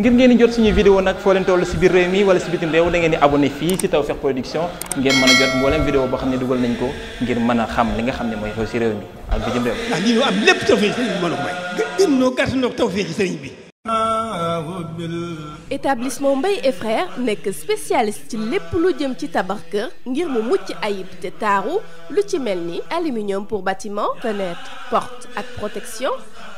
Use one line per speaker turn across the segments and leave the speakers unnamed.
ngir ngeen di jot suñu vidéo nag foo leen toll si biir réew mi wala si bitim réew da ngeen di abonné fii si Tawfekh Production ngeen mën a jot mboolem vidéo boo xam ne dugal nañ ko ngir mën a xam li nga xam ne mooy xew si réew mi ak bitim réew. ndax lii ñu am lépp Tawfekh sëriñ bi mën a may. gën noo gàtt noo Tawfekh sëriñ bi. établissement Mbaye et nekk spécialiste ci lépp lu jëm ci tabax kër ngir mu mucc ayib te taaru lu ci mel ni aluminium pour bâtiment fenêtre porte ak protection.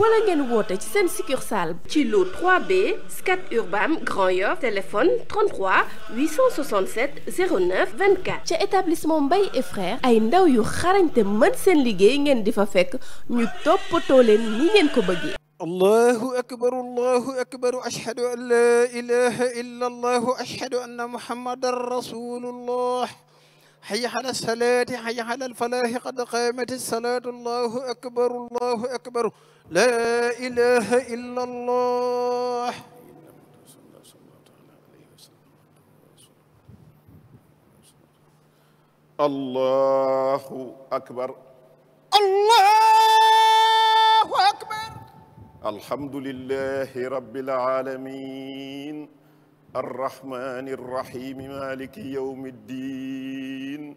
wala ngeen woote ci seen succursale ci lu 3B Scat Urbam Grand Yoff téléphone 33 867 09 24 ca établissement Mbaye et ay ndaw yu xarañte mën seen liggéey ngeen di fa fekk ñu toppatoo leen ngeen ko bëggee allahu akbar allahu akbar ashhadu an la ilaha illa allahu ashhadu anna muhammadan rasulullah hayya ala salaati hayya ala alfalaahi qad qaamat لا إله إلا الله
الله أكبر
الله أكبر
الحمد لله رب العالمين الرحمن الرحيم مالك يوم الدين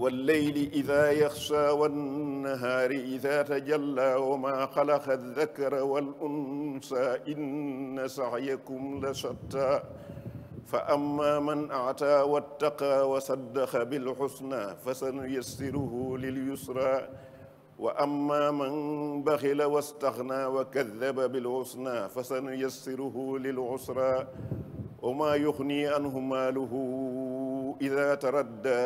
والليل إذا يخشى والنهار إذا تجلى وما خلق الذكر والأنثى إن سعيكم لشتى فأما من أعتى واتقى وصدق بالحسنى فسنيسره لليسرى وأما من بخل واستغنى وكذب بالحسنى فسنيسره للعسرى وما يغني عنه ماله إذا تردى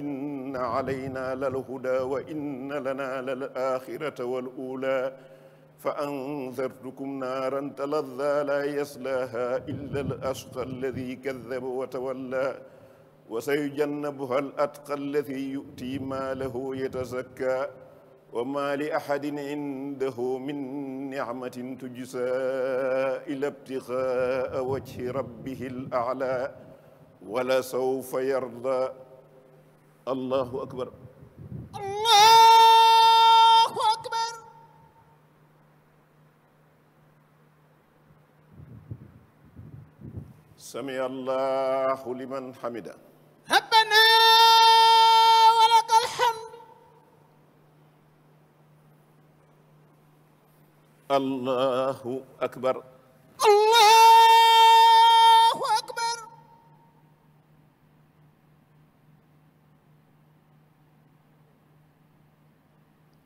إن علينا للهدى وإن لنا للآخرة والأولى فأنذرتكم نارا تلظى لا يصلاها إلا الأشقى الذي كذب وتولى وسيجنبها الأتقى الذي يؤتي ماله يتزكى وما لأحد عنده من نعمة تجزى إلى ابتغاء وجه ربه الأعلى wala sawfa yarda allahu akbar
allahu akbar
sami allahu liman hamida
rabbana wa lakal hamd
allahu akbar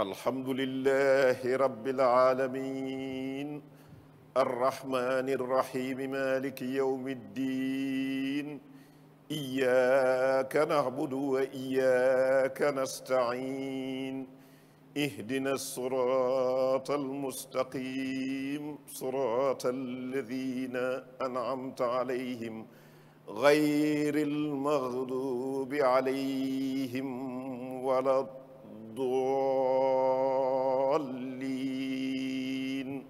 alhamdulillahi rabbil aalamiin arrahmaani rrahiim maaliki yawmi ddiin iyyaaka na'budu wa iyyaaka nasta'iin ihdina siraata almustaqiim siraata allaziina an'amta alayhim ghayril maghduubi alayhim wa lad الضالين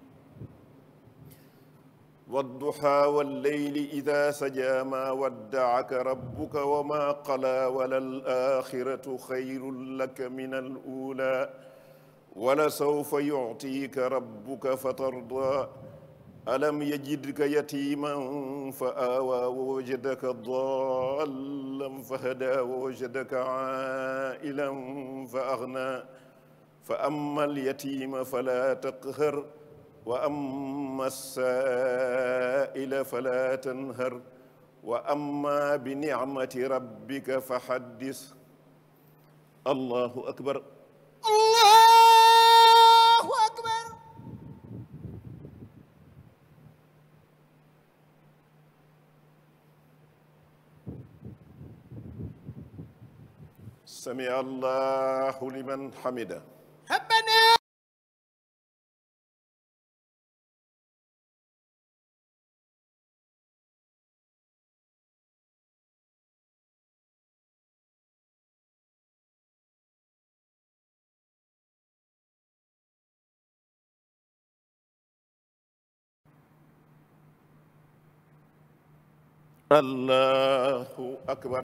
والضحى والليل إذا سجى ما ودعك ربك وما قلى وللآخرة خير لك من الأولى ولسوف يعطيك ربك فترضى alam yajidka yatiman fa aawaa wa wajadaka dallan fa hadaa wa wajadaka ailan fa aghnaa fa amma alyatiima fala taqhar wa amma assaa'ila fala tanhar wa amma bi nicmati rabbika fa haddis allahu akbar سمع الله لمن
حمده ربنا الله
أكبر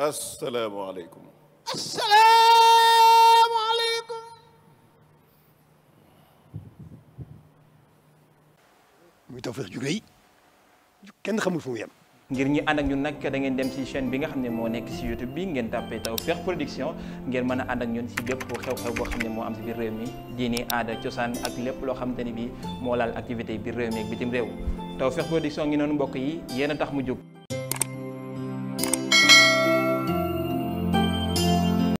asalaamaaleykum.
asalaamaaleykum. muy Tawfekh jugee yi kenn xamul fu mu ngir ñi ànd ak ñun nag dangeen dem ci chaîne bi nga xam ne moo nekk ci YouTube bi ngeen tàppee Tawfekh Production ngeen mën a ànd ak ñun ci bépp xew-xew boo xam ne moo am ci biir réew mi diini aada cosaan ak lépp loo xamante ni bi moo laal activité biir réew mi ak bitim réew Tawfekh Production ngi noonu mbokk yi yéen tax mu jóg.